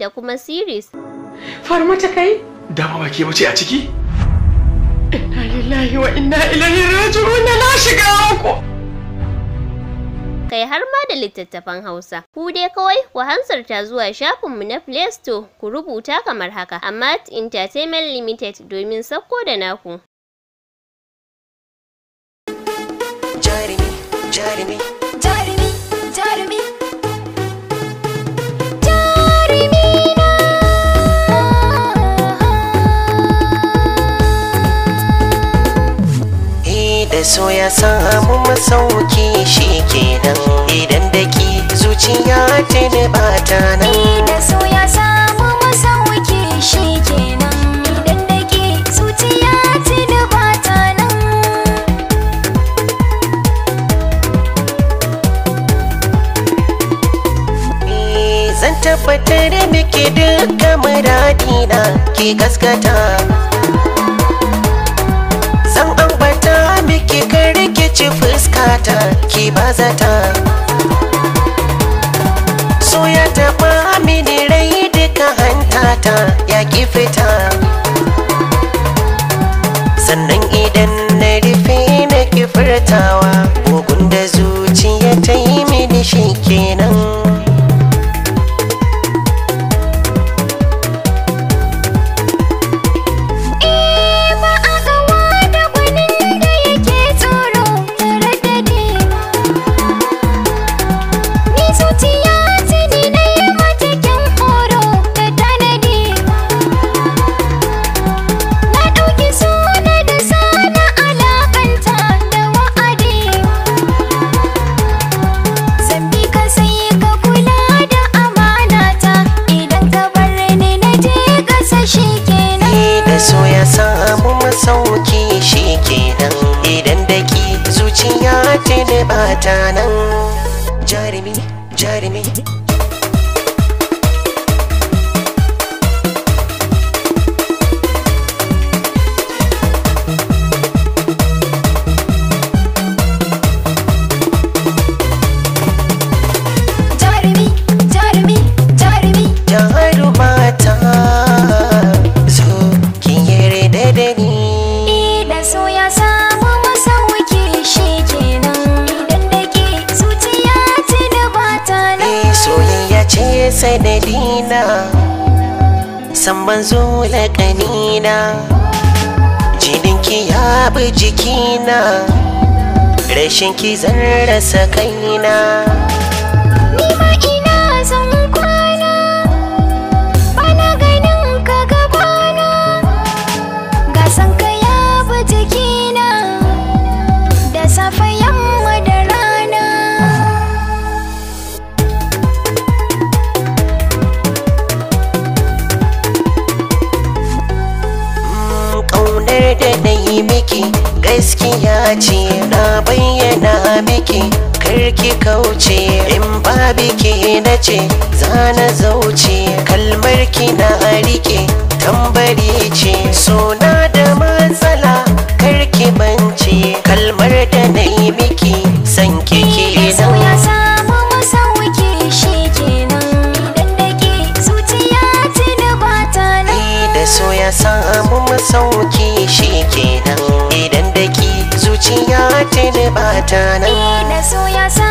da kuma series. Farmata kai? Dama ba ke wuce a ciki? Inna lillahi wa inna ilaihi raji'un na shiga ku. Kai har ma da littattafan Hausa. Ku dai kawai ku hansarta zuwa shafinmu na Play Store ku rubuta kamar haka, amma Entertainment Limited domin sakko da naku. Jarumi, jarumi. samu masauki shi idan da ki zuciya ta ne bata nan da so ya samu masauki shi idan da ki zuciya ta ne bata nan eh, zan tabbatar miki duka muradina ki gaskata kibazata ki bazata so kwa. so ya samu masauki shi ke nan idan daki zuciya ta da bata nan jarumi jarumi Sai dina, san ban zo laƙanina jininki ya bi jikina rashin ki zan rasa kaina miki gaskiya ce na bayyana miki karki kauce in ba biki na ce zana zauce kalmar ki na rike tambari ce so ce da bata nan. Ni eh, da so ya sa